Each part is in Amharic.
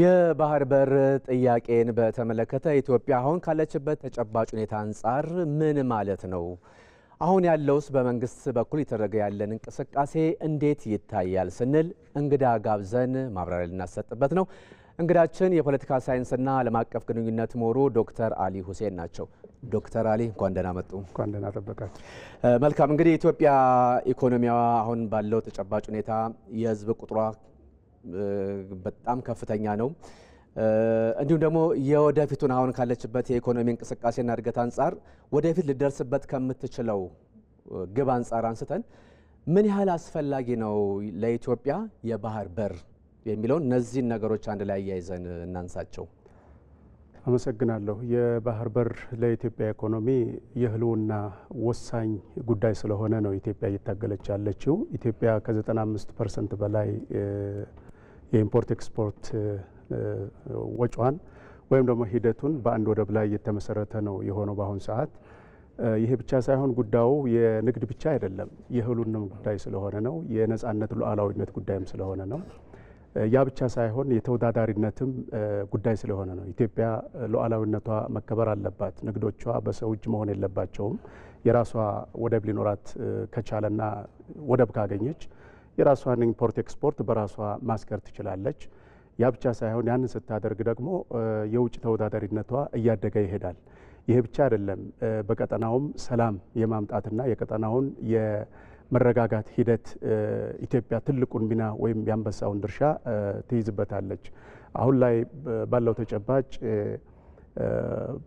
የባህር በር ጥያቄን በተመለከተ ኢትዮጵያ አሁን ካለችበት ተጨባጭ ሁኔታ አንጻር ምን ማለት ነው? አሁን ያለውስ በመንግስት በኩል የተደረገ ያለን እንቅስቃሴ እንዴት ይታያል ስንል እንግዳ ጋብዘን ማብራሪያ ልናሰጥበት ነው። እንግዳችን የፖለቲካ ሳይንስና ዓለም አቀፍ ግንኙነት ምሁሩ ዶክተር አሊ ሁሴን ናቸው። ዶክተር አሊ እንኳን ደህና መጡ። እንኳን ደህና ጠበቃችሁ። መልካም እንግዲህ የኢትዮጵያ ኢኮኖሚዋ አሁን ባለው ተጨባጭ ሁኔታ የህዝብ ቁጥሯ በጣም ከፍተኛ ነው። እንዲሁም ደግሞ የወደፊቱን አሁን ካለችበት የኢኮኖሚ እንቅስቃሴና እድገት አንጻር ወደፊት ልደርስበት ከምትችለው ግብ አንጻር አንስተን ምን ያህል አስፈላጊ ነው ለኢትዮጵያ የባህር በር የሚለውን እነዚህን ነገሮች አንድ ላይ አያይዘን እናንሳቸው። አመሰግናለሁ። የባህር በር ለኢትዮጵያ ኢኮኖሚ የህልውና ወሳኝ ጉዳይ ስለሆነ ነው ኢትዮጵያ እየታገለች ያለችው። ኢትዮጵያ ከ95 ፐርሰንት በላይ የኢምፖርት ኤክስፖርት ወጪዋን ወይም ደግሞ ሂደቱን በአንድ ወደብ ላይ የተመሰረተ ነው የሆነው በአሁኑ ሰዓት። ይሄ ብቻ ሳይሆን ጉዳዩ የንግድ ብቻ አይደለም፣ የህሉንም ጉዳይ ስለሆነ ነው። የነጻነት ሉዓላዊነት ጉዳይም ስለሆነ ነው። ያ ብቻ ሳይሆን የተወዳዳሪነትም ጉዳይ ስለሆነ ነው። ኢትዮጵያ ሉዓላዊነቷ መከበር አለባት። ንግዶቿ በሰው እጅ መሆን የለባቸውም። የራሷ ወደብ ሊኖራት ከቻለና ወደብ ካገኘች የራሷን ኢምፖርት ኤክስፖርት በራሷ ማስከር ትችላለች። ያ ብቻ ሳይሆን ያንን ስታደርግ ደግሞ የውጭ ተወዳዳሪነቷ እያደገ ይሄዳል። ይሄ ብቻ አይደለም፣ በቀጠናውም ሰላም የማምጣትና የቀጠናውን የመረጋጋት ሂደት ኢትዮጵያ ትልቁን ሚና ወይም የአንበሳውን ድርሻ ትይዝበታለች። አሁን ላይ ባለው ተጨባጭ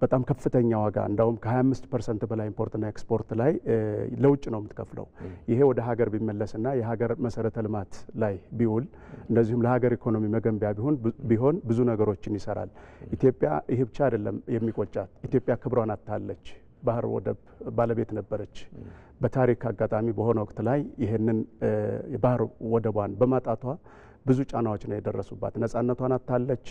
በጣም ከፍተኛ ዋጋ እንዳውም ከ25 ፐርሰንት በላይ ኢምፖርትና ኤክስፖርት ላይ ለውጭ ነው የምትከፍለው። ይሄ ወደ ሀገር ቢመለስና የሀገር መሰረተ ልማት ላይ ቢውል እንደዚሁም ለሀገር ኢኮኖሚ መገንቢያ ቢሆን ብዙ ነገሮችን ይሰራል። ኢትዮጵያ ይህ ብቻ አይደለም የሚቆጫት። ኢትዮጵያ ክብሯን አታለች። ባህር ወደብ ባለቤት ነበረች። በታሪክ አጋጣሚ በሆነ ወቅት ላይ ይህንን የባህር ወደቧን በማጣቷ ብዙ ጫናዎች ነው የደረሱባት። ነጻነቷን አታለች።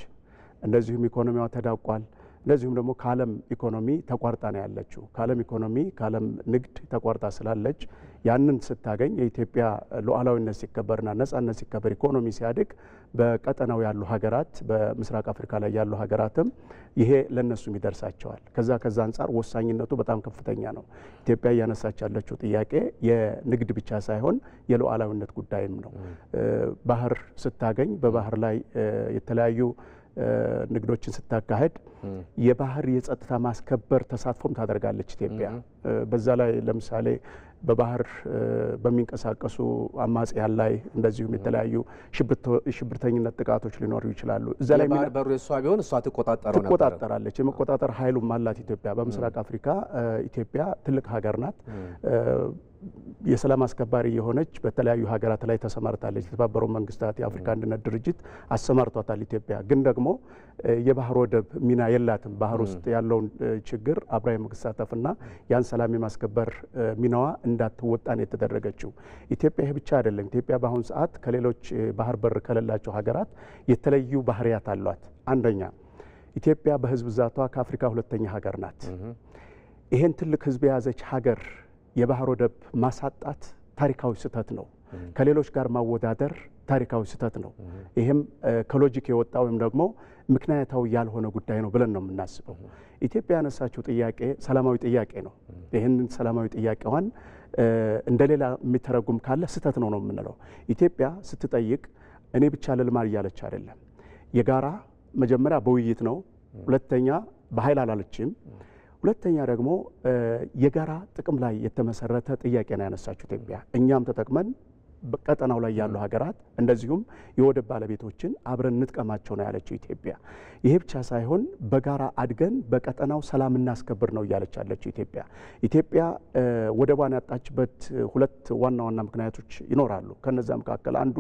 እንደዚሁም ኢኮኖሚዋ ተዳቋል። እንደዚሁም ደግሞ ከዓለም ኢኮኖሚ ተቋርጣ ነው ያለችው። ከዓለም ኢኮኖሚ ከዓለም ንግድ ተቋርጣ ስላለች ያንን ስታገኝ የኢትዮጵያ ሉዓላዊነት ሲከበርና ነጻነት ሲከበር ኢኮኖሚ ሲያድግ በቀጠናው ያሉ ሀገራት በምስራቅ አፍሪካ ላይ ያሉ ሀገራትም ይሄ ለነሱም ይደርሳቸዋል። ከዛ ከዛ አንጻር ወሳኝነቱ በጣም ከፍተኛ ነው። ኢትዮጵያ እያነሳች ያለችው ጥያቄ የንግድ ብቻ ሳይሆን የሉዓላዊነት ጉዳይም ነው። ባህር ስታገኝ በባህር ላይ የተለያዩ ንግዶችን ስታካሄድ የባህር የጸጥታ ማስከበር ተሳትፎም ታደርጋለች ኢትዮጵያ። በዛ ላይ ለምሳሌ በባህር በሚንቀሳቀሱ አማጽያን ላይ እንደዚሁም የተለያዩ ሽብርተኝነት ጥቃቶች ሊኖሩ ይችላሉ። እዛ ላይ በሩ የእሷ ቢሆን እሷ ትቆጣጠረው ትቆጣጠራለች። የመቆጣጠር ኃይሉም አላት ኢትዮጵያ። በምስራቅ አፍሪካ ኢትዮጵያ ትልቅ ሀገር ናት። የሰላም አስከባሪ የሆነች በተለያዩ ሀገራት ላይ ተሰማርታለች። የተባበሩ መንግስታት የአፍሪካ አንድነት ድርጅት አሰማርቷታል። ኢትዮጵያ ግን ደግሞ የባህር ወደብ ሚና የላትም። ባህር ውስጥ ያለውን ችግር አብራ የመሳተፍና ያን ሰላም የማስከበር ሚናዋ እንዳትወጣን የተደረገችው ኢትዮጵያ። ይህ ብቻ አይደለም። ኢትዮጵያ በአሁኑ ሰዓት ከሌሎች ባህር በር ከሌላቸው ሀገራት የተለዩ ባህሪያት አሏት። አንደኛ ኢትዮጵያ በህዝብ ብዛቷ ከአፍሪካ ሁለተኛ ሀገር ናት። ይሄን ትልቅ ህዝብ የያዘች ሀገር የባህር ወደብ ማሳጣት ታሪካዊ ስህተት ነው። ከሌሎች ጋር ማወዳደር ታሪካዊ ስህተት ነው። ይህም ከሎጂክ የወጣ ወይም ደግሞ ምክንያታዊ ያልሆነ ጉዳይ ነው ብለን ነው የምናስበው። ኢትዮጵያ ያነሳችው ጥያቄ ሰላማዊ ጥያቄ ነው። ይህንን ሰላማዊ ጥያቄዋን እንደሌላ የሚተረጉም ካለ ስህተት ነው ነው የምንለው። ኢትዮጵያ ስትጠይቅ እኔ ብቻ ልልማል እያለች አይደለም። የጋራ መጀመሪያ በውይይት ነው። ሁለተኛ በኃይል አላለችም። ሁለተኛ ደግሞ የጋራ ጥቅም ላይ የተመሰረተ ጥያቄ ነው ያነሳችሁ ኢትዮጵያ። እኛም ተጠቅመን ቀጠናው ላይ ያሉ ሀገራት እንደዚሁም የወደብ ባለቤቶችን አብረን እንጥቀማቸው ነው ያለችው ኢትዮጵያ። ይሄ ብቻ ሳይሆን በጋራ አድገን በቀጠናው ሰላም እናስከብር ነው እያለች ያለችው ኢትዮጵያ። ኢትዮጵያ ወደቧን ያጣችበት ሁለት ዋና ዋና ምክንያቶች ይኖራሉ። ከነዛ መካከል አንዱ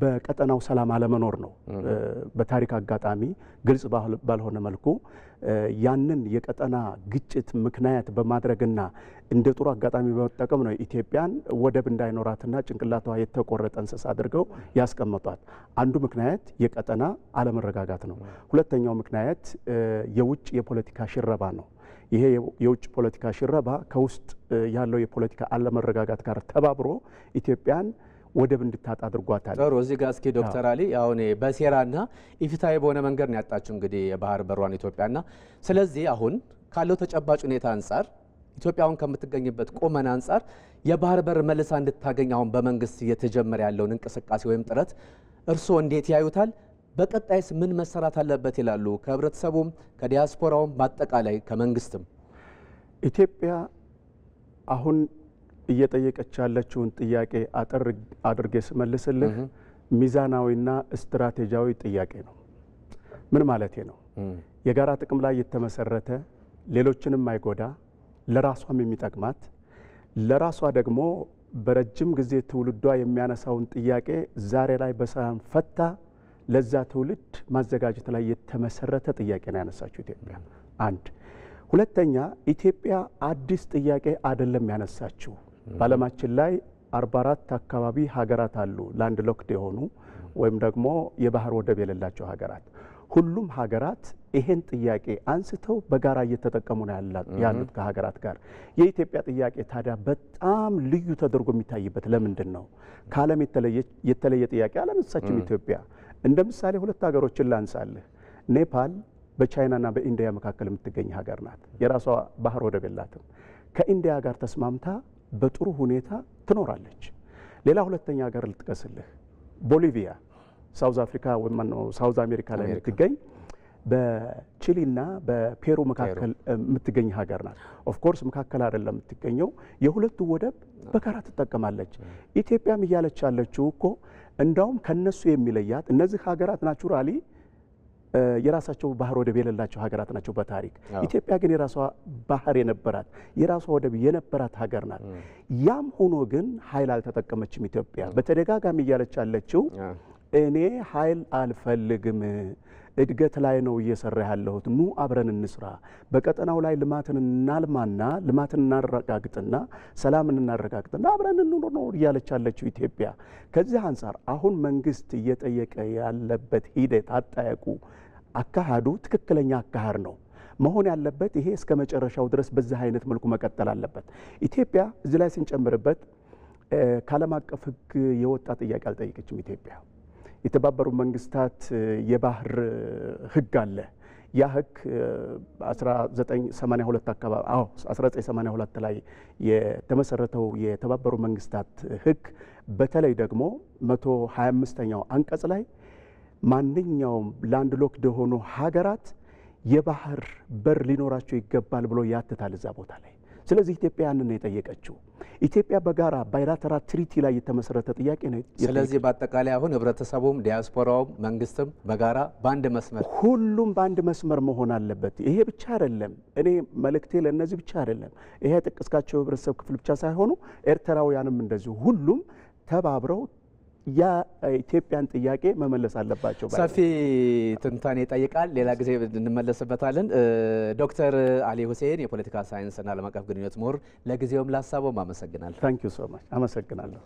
በቀጠናው ሰላም አለመኖር ነው። በታሪክ አጋጣሚ ግልጽ ባልሆነ መልኩ ያንን የቀጠና ግጭት ምክንያት በማድረግና እንደ ጥሩ አጋጣሚ በመጠቀም ነው ኢትዮጵያን ወደብ እንዳይኖራትና ጭንቅላቷ የተቆረጠ እንስሳ አድርገው ያስቀመጧት። አንዱ ምክንያት የቀጠና አለመረጋጋት ነው። ሁለተኛው ምክንያት የውጭ የፖለቲካ ሽረባ ነው። ይሄ የውጭ ፖለቲካ ሽረባ ከውስጥ ያለው የፖለቲካ አለመረጋጋት ጋር ተባብሮ ኢትዮጵያን ወደብ እንድታጣ አድርጓታል። ጥሩ እዚህ ጋር እስኪ ዶክተር አሊ አሁን በሴራና ኢፍትሐዊ በሆነ መንገድ ነው ያጣችው እንግዲህ የባህር በሯን ኢትዮጵያና። ስለዚህ አሁን ካለው ተጨባጭ ሁኔታ አንጻር ኢትዮጵያ አሁን ከምትገኝበት ቁመና አንጻር የባህር በር መልሳ እንድታገኝ አሁን በመንግስት እየተጀመረ ያለውን እንቅስቃሴ ወይም ጥረት እርስዎ እንዴት ያዩታል? በቀጣይስ ምን መሰራት አለበት ይላሉ? ከህብረተሰቡም ከዲያስፖራውም በአጠቃላይ ከመንግስትም ኢትዮጵያ አሁን እየጠየቀች ያለችውን ጥያቄ አጠር አድርጌ ስመልስልህ ሚዛናዊና ስትራቴጂያዊ ጥያቄ ነው። ምን ማለቴ ነው? የጋራ ጥቅም ላይ የተመሰረተ ሌሎችንም አይጎዳ ለራሷም የሚጠቅማት ለራሷ ደግሞ በረጅም ጊዜ ትውልዷ የሚያነሳውን ጥያቄ ዛሬ ላይ በሰላም ፈታ ለዛ ትውልድ ማዘጋጀት ላይ የተመሰረተ ጥያቄ ነው ያነሳችው ኢትዮጵያ። አንድ ሁለተኛ ኢትዮጵያ አዲስ ጥያቄ አይደለም ያነሳችው በዓለማችን ላይ 44 አካባቢ ሀገራት አሉ ላንድ ሎክድ የሆኑ ወይም ደግሞ የባህር ወደብ የሌላቸው ሀገራት። ሁሉም ሀገራት ይሄን ጥያቄ አንስተው በጋራ እየተጠቀሙ ነው ያሉት ከሀገራት ጋር። የኢትዮጵያ ጥያቄ ታዲያ በጣም ልዩ ተደርጎ የሚታይበት ለምንድን ነው? ከዓለም የተለየ ጥያቄ አላነሳችም ኢትዮጵያ። እንደ ምሳሌ ሁለት ሀገሮችን ላንሳልህ። ኔፓል በቻይናና በኢንዲያ መካከል የምትገኝ ሀገር ናት። የራሷ ባህር ወደብ የላትም። ከኢንዲያ ጋር ተስማምታ በጥሩ ሁኔታ ትኖራለች። ሌላ ሁለተኛ ሀገር ልጥቀስልህ፣ ቦሊቪያ ሳውዝ አፍሪካ ወይ ማነው ሳውዝ አሜሪካ ላይ የምትገኝ በቺሊና በፔሩ መካከል የምትገኝ ሀገር ናት። ኦፍኮርስ መካከል አይደለም የምትገኘው፣ የሁለቱ ወደብ በጋራ ትጠቀማለች። ኢትዮጵያም እያለች ያለችው እኮ እንዳውም ከነሱ የሚለያት እነዚህ ሀገራት ናቹራሊ የራሳቸው ባህር ወደብ የሌላቸው ሀገራት ናቸው በታሪክ። ኢትዮጵያ ግን የራሷ ባህር የነበራት የራሷ ወደብ የነበራት ሀገር ናት። ያም ሆኖ ግን ኃይል አልተጠቀመችም። ኢትዮጵያ በተደጋጋሚ እያለች ያለችው እኔ ኃይል አልፈልግም እድገት ላይ ነው እየሰራ ያለሁት። ኑ አብረን እንስራ። በቀጠናው ላይ ልማትን እናልማና ልማትን እናረጋግጥና ሰላምን እናረጋግጥና አብረን እንኑር ነው እያለች ያለችው ኢትዮጵያ። ከዚህ አንጻር አሁን መንግስት እየጠየቀ ያለበት ሂደት አጠያቁ፣ አካሃዱ ትክክለኛ አካሃድ ነው መሆን ያለበት። ይሄ እስከ መጨረሻው ድረስ በዚህ አይነት መልኩ መቀጠል አለበት። ኢትዮጵያ እዚህ ላይ ስንጨምርበት ከዓለም አቀፍ ሕግ የወጣ ጥያቄ አልጠየቀችም ኢትዮጵያ የተባበሩ መንግስታት የባህር ህግ አለ። ያ ህግ 1982 አካባቢ አዎ 1982 ላይ የተመሰረተው የተባበሩ መንግስታት ህግ በተለይ ደግሞ 125ኛው አንቀጽ ላይ ማንኛውም ላንድ ሎክድ የሆኑ ሀገራት የባህር በር ሊኖራቸው ይገባል ብሎ ያትታል እዛ ቦታ ላይ ስለዚህ ኢትዮጵያ ያንን ነው የጠየቀችው። ኢትዮጵያ በጋራ ባይላተራ ትሪቲ ላይ የተመሰረተ ጥያቄ ነው። ስለዚህ በአጠቃላይ አሁን ህብረተሰቡም፣ ዲያስፖራውም፣ መንግስትም በጋራ በአንድ መስመር ሁሉም በአንድ መስመር መሆን አለበት። ይሄ ብቻ አይደለም። እኔ መልእክቴ ለእነዚህ ብቻ አይደለም። ይሄ የጠቀስካቸው ህብረተሰብ ክፍል ብቻ ሳይሆኑ ኤርትራውያንም እንደዚሁ ሁሉም ተባብረው የኢትዮጵያን ጥያቄ መመለስ አለባቸው። ሰፊ ትንታኔ ይጠይቃል። ሌላ ጊዜ እንመለስበታለን። ዶክተር አሊ ሁሴን የፖለቲካ ሳይንስና ዓለም አቀፍ ግንኙነት ምሁር፣ ለጊዜውም ላሳቦም አመሰግናለሁ። ታንክ ዩ ሶ ማች አመሰግናለሁ።